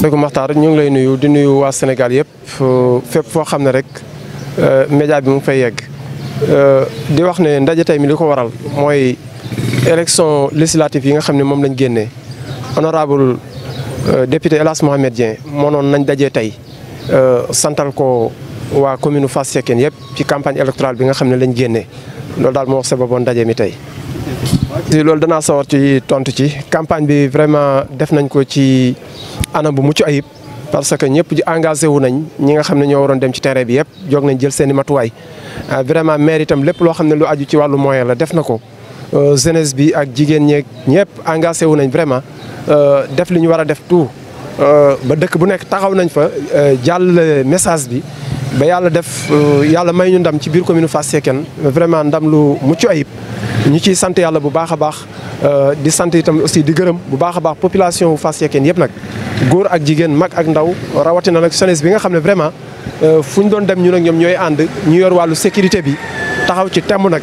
dëgg Maxtaar ñu ngi lay nuyu di nuyu waa Sénégal yëpp fépp foo xam ne rek euh, média bi mu ngi fay yegg euh, di wax ne ndaje tey mi li ko waral mooy élection législative yi nga xam ne moom lañ génnee honorable euh, député El Hadj Mohamed Dieng moonoon nañ daje tey santal ko waa commune Fass Cekkeen yëpp ci campagne électorale bi nga xam ne lañ génnee loolu daal moo wax sababoon ndaje mi tey. loolu dana sawar ci tontu ci campagne bi vraiment def nañ ko ci anam bu mucc ayib parce que ñëpp ji engagé wu nañ ñi nga xam ne ñoo waroon dem ci terrain bi yëpp jóg nañ jël seeni matuwaay euh, vraiment maire itam lépp loo xam ne lu aju ci wàllu moyen la def na ko euh, jeunesse bi ak jigéen ñeeg ñëpp engagé wu nañ vraiment euh, def li ñu war a def tout ba dëkk bu nekk taxaw nañ fa jàll message bi ba yàlla def yàlla may ñu ndam ci biir commune Fass seken vraiment ndam lu mucc ayib ñu ciy sant yàlla bu baax a baax euh, di sant itam aussi di gërëm bu baax a baax population Fass Cekkeen yëpp nag góor ak jigéen mag ak ndaw rawatina nag jeunesse bi nga xam ne vraiment euh, fu ñu doon dem ñu nag ñoom ñooy ànd ñu yor wàllu sécurité bi taxaw ci temm nag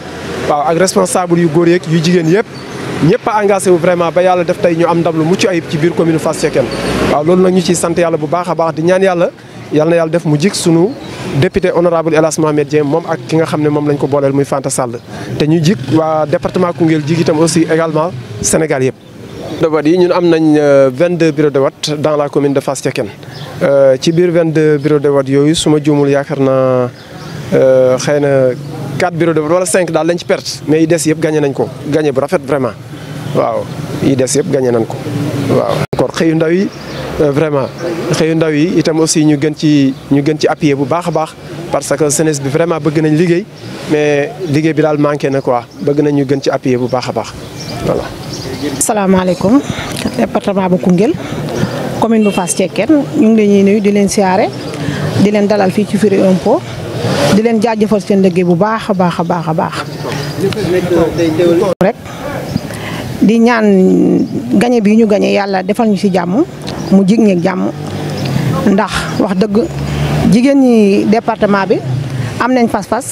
waaw ak responsable yu góor yeeg yu jigéen yëpp ñëpp a engagé wu vraiment ba yàlla def tey ñu am ndam lu mucc ayib ci biir commune Fass Cekkeen waaw loolu nag ñu ciy sant yàlla bu baax a baax di ñaan yàlla yàlla yàlla def mu jik sunu député honorable El Hadj moom ak ki nga xam ne moom lañ ko booleel muy Fanta Sall te ñu jig waa département Koungheul jig itam aussi également Sénégal yëpp. de vote yi ñun am nañ euh, deux bureaux de vote dans la commune de Fass Thiékène euh, ci biir 22 bureaux de vote yooyu su ma juumul yaakaar naa euh, xëy na 4 bureaux de vote wala 5 daal lañ ci perte mais yi des yëpp gagné nañ ko gagné bu rafet vraiment waaw yi des yëpp gañe nañ ko waaw. encore Euh, vraiment xëyu ndaw yi itam aussi ñu gën ci ñu gën ci appuyer bu baax a baax parce que jeunesse bi vraiment bëgg nañ liggéey mais liggéey bi daal manqué na quoi bëgg nañ ñu gën ci appuyer bu baax a baax voilà. salaamaaleykum département bu Koungheul commune bu Fass Cekkeen ñu ngi leen nuyu di leen siyaare di leen dalal fii ci Firi Infos di leen jaajëfal seen liggéey bu baax a baax a baax a baax. di ñaan gañe bi ñu gañe yàlla defal ñu ci jàmm. mu jig ñeeg jàmm ndax wax dëgg jigéen ñi département bi am nañ fas-fas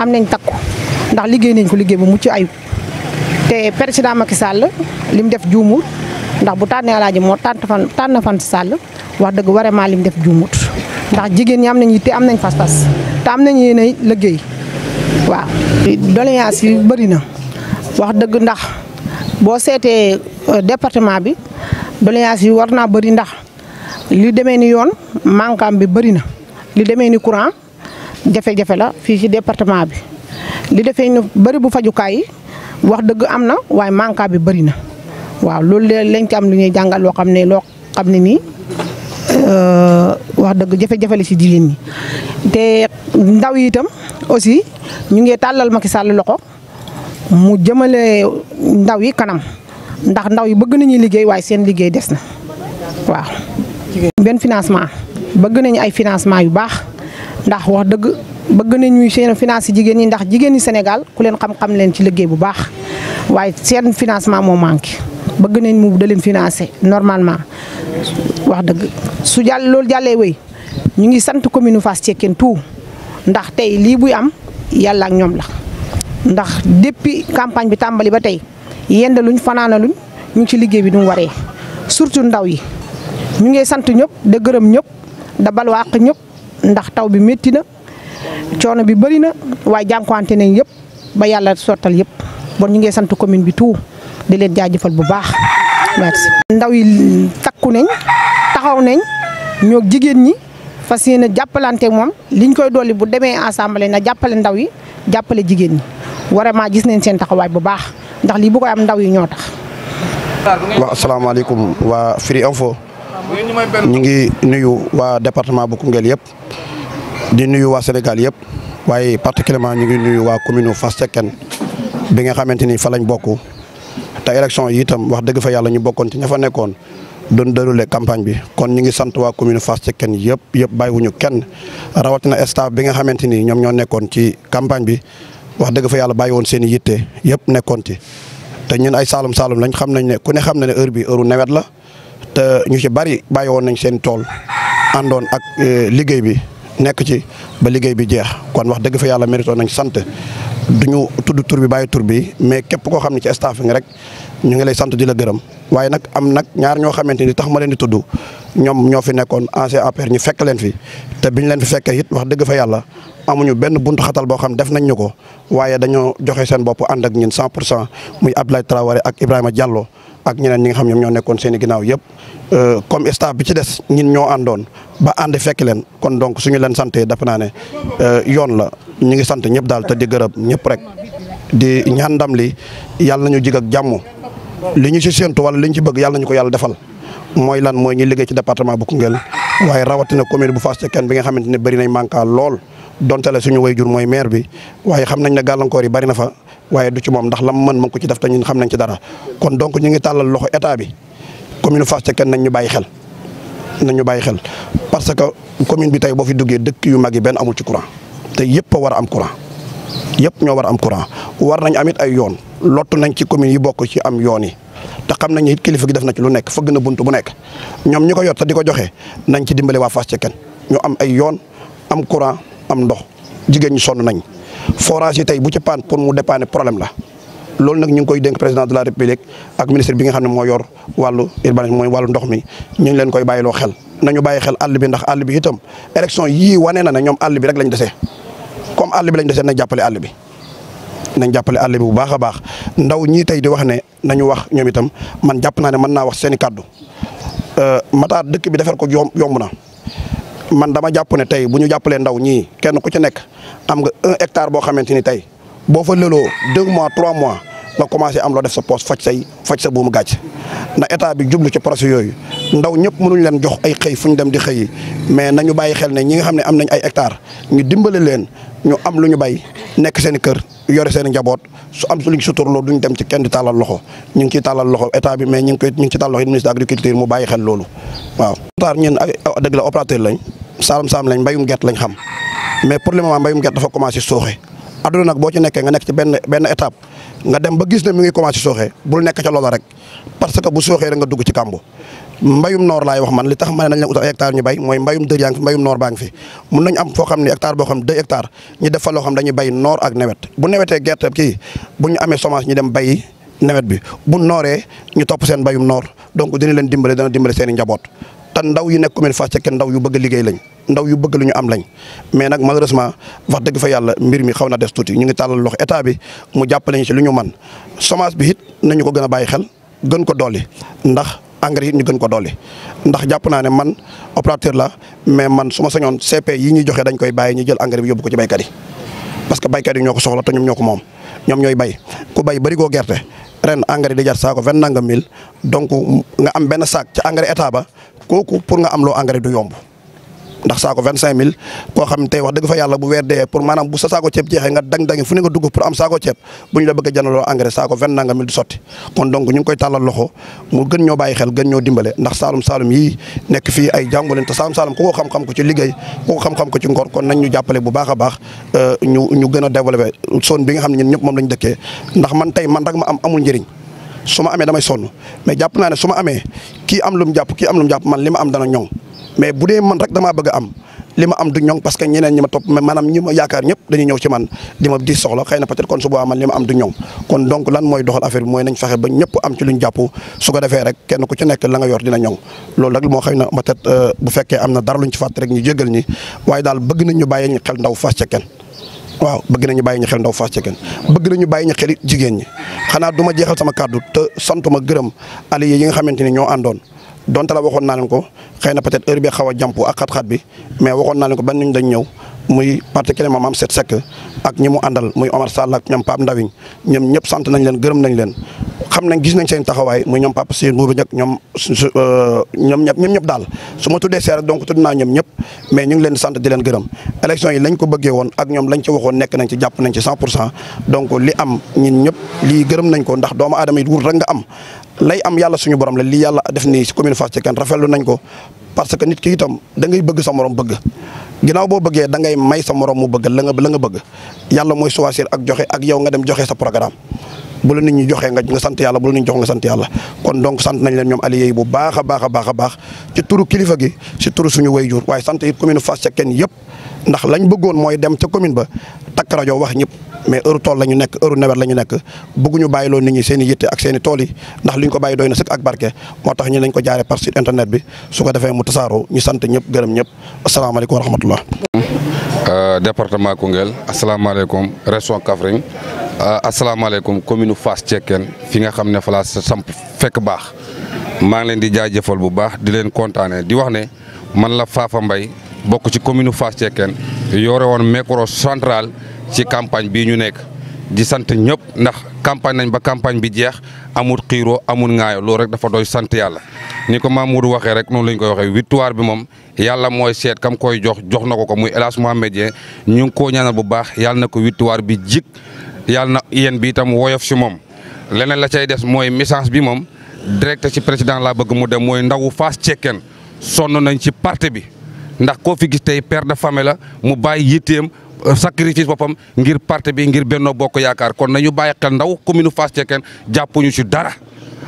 am nañ takku ndax liggéey nañ ko liggéey bu mucc ayib te président Macky Sall li mu def juumul ndax bu tànnee alaaji moo tànn fan tànn wax dëgg vraiment li mu def juumut ndax jigéen ñi am nañ yitte am nañ fas-fas te am nañ yéen a liggéey waaw. yi bëri na wax dëgg ndax boo seetee euh, département bi. doléance yi war naa bëri ndax lu demee ni yoon manquant bi bëri na lu demee ni courant jafe-jafe la fii si département bi li defee ni bëri bu fajukaay yi wax dëgg am na waaye manquant bi bëri na waaw loolu de lañ ci am lu ñuy jàngal loo xam ne loo xam ne nii euh, wax dëgg jafe-jafe la ci jigéen ñi te ndaw yitam aussi ñu ngi tàllal Macky Sall loxo mu jëmale ndaw yi kanam ndax ndaw yi bëgg nañu liggéey waaye seen liggéey des na waaw. benn financement bëgg nañu ay financement yu baax ndax wax dëgg bëgg nañu seen finance jigéen ñi ndax jigéen ñi Sénégal ku leen xam-xam leen ci liggéey bu baax waaye seen financement moom manqué bëgg nañ mu da leen financé normalement wax dëgg su jàll loolu jàllee wéy ñu ngi sant commune Fass Cekkeen tout ndax tey lii buy am yàlla ak ñoom la ndax depuis campagne bi tàmbali ba tey. yendaluñ fanaanaluñ ñu ngi ci liggéey bi du waree surtout ndaw yi ñu ngi sant ñëpp da gërëm ñëpp da balwaaq ñëpp ndax taw bi métti na coono bi bëri na waaye jànkuwante nañ yëpp ba yàlla sottal yëpp bon ñu ngi sant commune bi tout di leen jaajëfal bu baax merci. ndaw yi takku nañ taxaw nañ ñoo jigéen ñi fas yéene jàppalante moom liñ koy dolli bu demee assemblée na jàppale ndaw yi jàppale jigéen ñi vraiment gis nañ seen taxawaay bu baax. ndax lii bu koy am ndaw yi ñoo tax. waaw asalaamaaleykum waa Firi Info ñu ngi nuyu waa département bu Koungheul yëpp di nuyu waa Sénégal yëpp waaye particulièrement ñu ngi nuyu waa commune Fass Cekkeen bi nga xamante ni fa lañ bokk te élection yi itam wax dëgg fa yàlla ñu bokkoon ci ña fa nekkoon doon déroulé campagne bi kon ñu ngi sant waa commune Fass Cekkeen yëpp yëpp bàyyiwuñu kenn rawatina staff bi nga xamante ni ñoom ñoo nekkoon ci campagne bi. wax dëgg fa yàlla bàyyi woon seen i yitte yëpp nekkoon ci te ñun ay saalum saalum lañ xam nañ ne ku ne xam na ne heure bi heure nawet la te ñu ci bari bàyyi woon nañ seen tool àndoon ak eh, liggéey bi nekk ci ba liggéey bi jeex kon wax dëgg fa yàlla mérito nañ sant duñu tudd tur bi bàyyi tur bi mais képp koo xam ne ci staff nga rek ñu ngi lay sant di la gërëm waaye nag am nag ñaar ñoo xamante ni tax ma leen di tudd ñoom ñoo fi nekkoon ancien APR ñu fekk leen fi te biñ leen fi fekkee yit wax dëgg fa yàlla amuñu benn buntu xatal boo xam def nañ ñu ko waaye dañoo joxe seen bopp ànd ak ñun cent pour cent muy Abdoulaye Traoré ak Ibrahima Diallo ak ñeneen ñi nga xam ñoom ñoo nekkoon seen i ginnaaw yëpp euh, comme staff bi ci des ñin ñoo àndoon ba ànd fekk leen kon donc suñu leen sante dafa naa ne euh, yoon la ñu ngi sant ñëpp daal te di gërëm ñëpp rek di ñaan ndam li yàlla nañu jig ak jàmm li ñu ci séentu wala li ñu ci bëgg yàlla nañu ko yàlla defal mooy lan mooy ñi liggéey ci département bu Koungheul waaye rawatina commune bu Fass Cekkeen bi nga xamante ne bëri nañ manquant lool donte la suñu wayjur mooy maire bi waaye xam nañ ne gàllankoor yi bëri na fa waaye du ci moom ndax lam mën mu ko ci def te ñun xam nañ ci dara kon donc ñu ngi tàllal loxo état bi commune Fass Cekkeen nañ ñu bàyyi xel nañ ñu bàyyi xel parce que commune bi tey boo fi duggee dëkk yu mag yi benn amul ci courant te yëpp a war a am courant yëpp ñoo war a am courant war nañ amit ay yoon lottu nañ ci communes yi bokk ci am yoon yi te xam nañ it kilifa gi def na ci lu nekk fëgg na bunt bu nekk ñoom ñi ko yor te di ko joxe nañ ci dimbale waa Fass ci kenn ñu am ay yoon am courant am ndox jigéen ñu sonn nañ forage yi tey bu ci paan pour mu dépanner problème la. loolu nag ñu ngi koy dénk président de la république ak ministre bi nga xam ne moo yor wàllu urbanisme mooy wàllu ndox mi ñu ngi leen koy bàyyiloo xel nañu bàyyi xel àll bi ndax àll bi itam élection yii wane na ne ñoom àll bi rek lañ dese comme àll bi lañ dese nañ jàppale àll bi. nañ jàppale àll bi bu baax a baax ndaw ñii tey di wax ne nañu wax ñoom itam man jàpp naa ne mën naa wax seeni i kàddu euh, mataar dëkk bi defar ko yomb na. man dama jàpp ne tey bu ñu jàppalee ndaw ñii kenn ku ci nekk am nga hectare boo xamante ni tey boo fa lëloo mois trois mois nga commencé am loo def sa poos faj say faj sa buumu gàcc na état bi jublu ci projet yooyu ndaw ñëpp mënuñ leen jox ay xëy fu ñu dem di xëy mais na ñu bàyyi xel ne ñi nga xam ne am nañ ay hectare ñu dimbale leen ñu am lu ñu bay nekk seen kër yore seen njaboot su am su luñ suturloo duñ dem ci kenn di tàllal loxo ñu ngi ciy tàllal loxo état bi mais ñu ngi koy ñu ngi ci tàllal loxo ministre agriculture mu bàyyi xel loolu waaw. taar ñeen ay ah, dëgg la opérateur lañ saalum saalum lañ mbayum gerte lañ xam mais pour le moment mbayum gerte dafa commencé sooxe aduna nag boo ci nekkee nga nekk ci benn benn étape nga dem ba gis ne mi ngi commencé sooxee bul nekk ca loola rek parce que bu sooxee rek nga dugg ci kàmbu mbayum noor laay wax man li tax ma ne nañ leen utal ay hectare ñu bay mooy mbayum dër yaa ngi fi mbayum noor baa ngi fi mun nañ am foo xam ne hectare boo xam ne deux hectares ñu def bay noor ak nawet bu nawetee gerte kii bu ñu amee semence ñu dem bayi nawet bi bu nooree ñu topp seen mbayum noor donc dina leen dimbale dana dimbale seen i njaboot te ndaw yi nekk commune Fass Cekkeen ndaw yu bëgg liggéey lañ ndaw yu bëgg lu ñu am lañ mais nag malheureusement wax dëgg fa yàlla mbir mi xaw na des tuuti ñu ngi tàllal loxo état bi mu jàppale ñu ci lu ñu man semence bi it nañu ko gën a bàyyi xel gën ko dolli engrais yi ñu gën ko dolli ndax jàpp naa ne man opérateur la mais man su ma sañoon CP yi ñuy joxe dañ koy bàyyi ñu jël engrais bi yóbbu ko ci béykat yi parce que béykat yi ñoo ko soxla te ñoom ñoo ko moom ñoom ñooy bay ku bay bari goo gerte ren engrais di jar saako vingt nangam mille donc nga am benn saak ci engrais état ba kooku pour nga am loo engrais du yomb ndax saako vingt cinq mille koo xam ne tey wax dëgg fa yàlla bu weer dee pour maanaam bu sa saako ceeb jeexee nga dang-dangi fu ne nga dugg pour am saako ceeb bu ñu la bëgg a jëndaloo engrais saako vingt nanga mille du sotti kon donc ñu ngi koy tàllal loxo mu gën ñoo bàyyi xel gën ñoo dimbale ndax saalum saalum yii nekk fii ay jàngoleen te saalum saalum ku ko xam-xam ko ci liggéey ku ko xam-xam ko ci ngoor kon nañ ñu jàppale bu baax a baax euh, ñu gën a développé zone bi nga xam ne ñun ñëpp moom lañ dëkkee ndax man tey man rek ma am amul njëriñ su ma amee damay sonn mais jàpp naa ne su ma amee kii am lu jàpp kii am lu jàpp man li ma am dana ñoŋ mais bu dee man rek damaa bëgg am li ma am du ñoŋ parce que ñeneen ñi ma topp maanaam ñi ma yaakaar ñëpp dañuy ñëw ci man di ma di soxla xëy na peut-être kon su boobaa man li ma am du ñoŋ kon donc lan mooy doxal affaire bi mooy nañ fexe ba ñëpp am ci luñ jàpp su defee rek kenn ku ci nekk la nga yor dina ñoŋ loolu rek moo xëy na peut-être euh, bu fekkee am na dara luñ ci fàtte rek ñu jegal ñi waaye daal bëgg nañ ñu ñu xel ndaw fas ca waaw bëgg nañu bàyyi ñu xel ndaw Fass Cekkeen bëgg nañu bàyyi ñu xel it ñi xanaa du jeexal sama kàddu te santuma gërëm ali yi nga xamante ni ñoo àndoon donte la waxoon naa leen ko xëy na peut-être heure bi xaw a jàmp ak xat-xat bi mais waxoon naa leen ko ban niñ dañ ñëw muy particulièrement maam Set Seck ak ñi mu àndal muy Omar Sall ak ñoom Pape Ndawiñ ñoom ñëpp sant nañ leen gërëm nañ leen xam nañ gis nañ seen taxawaay muy ñoom Pape Sy Ndour ñoom euh, ñoom ñëpp ñoom ñëpp daal su ma tuddee seere donc tudd naa ñoom ñëpp mais ñu ngi leen sant di leen gërëm élection yi lañ ko bëggee woon ak ñoom lañ ci waxoon nekk nañ ci jàpp nañ ci 100 pour cent donc li am ñun ñëpp lii gërëm nañ ko ndax doomu aadama yi wut rek nga am lay am yàlla suñu borom la lii yàlla def nii ci commune Fass Thiéckène rafetlu nañ ko parce que nit ki itam da ngay bëgg sa moroom bëgg ginnaaw boo bëggee da ngay may sa morom mu bëgg la nga la nga bëgg yàlla mooy choisir ak joxe ak yow nga dem joxe sa programme bu la nit ñu joxee nga nga sant yàlla bu la nit ñi jox nga sant yàlla kon donc sant nañ leen ñoom alliés yi bu baax a baax a baax a baax ci turu kilifa gi ci turu suñu jour waaye sant it commune Fass Thiéckène yëpp ndax lañ bëggoon moy dem ci commune ba tak radio wax ñep mais heure tool nek ñu nekk heure nek la ñu nekk bëgguñu bàyyi loon nit ñi seen yitté ak seen i yi ndax luñ ko bayi doyna sëkk ak barké moo tax ñu ko jaaré par site internet bi su ko défé mu tassaro ñu sant ñep gërëm assalamu alaykum wa rahmatullah euh, département assalamu alaykum région Kaffrine euh, alaykum commune Fass Cekkeen fi nga xamné fa samp fekk baax ma ngi leen di jaajeufal bu baax di leen contané di wax ne man la Fafa Mbaye bok ci commune fas Cekkeen yore won micro central ci campagne bi ñu nyop di sante ñëpp ndax campagne nañ ba campagne bi jeex amul xiro amul ngaay lo rek dafa doy sante yalla niko Mamoudou waxe rek non lañ koy waxe victoire bi mom yalla moy set kam koy jox jox nako ko muy elas Hadj nabubah ñu wituar bijik ñaanal bu baax yalla na victoire bi jik yalla na bi tam woyof si mom leneen la cey fas moy message bi mom direct ci president la bëgg mu dem moy ndawu sonn nañ ci parti bi ndax koo fi gis tey père famille la mu bàyyi yitteem euh, sacrifice boppam ngir parti bi ngir Benno Bokk Yaakaar kon nañu bàyyi xel ndaw commune Fass Cekkeen jàppuñu si dara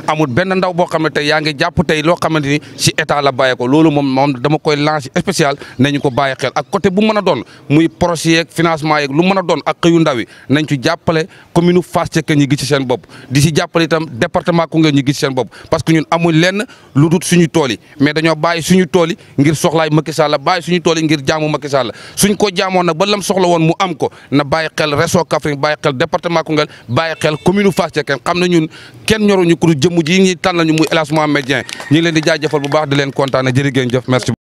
amul benn ndaw boo xam ne tey yaa ngi jàpp tey loo xamante ni si état la bàyyee ko loolu moom moom dama koy lancer spécial nañu ko bàyyi xel ak côté bu mën a doon muy projet yeeg financement yeeg lu mën a doon ak xëyu ndaw yi nañ ci jàppale commune Fass ca Kañ ñi gis ci seen bopp di si jàppale itam département Koungheul ñu gis ci seen bopp parce que ñun amuñ lenn lu dut suñu tool yi mais dañoo bàyyi suñu tool yi ngir soxlaay Macky Sall bàyyi suñu tool yi ngir jaamu Macky Sall suñ ko jaamoon nag ba lam soxla woon mu am ko na bàyyi xel réseau Kaffrine bàyyi xel département Koungheul bàyyi xel commune Fass ca xam na ñun kenn ñoruñu ku du jëmm ji ñuy tànnal ñu muy El Hadj Mohamed leen di jaajëfal bu baax di leen kontaane jërëgéen jëf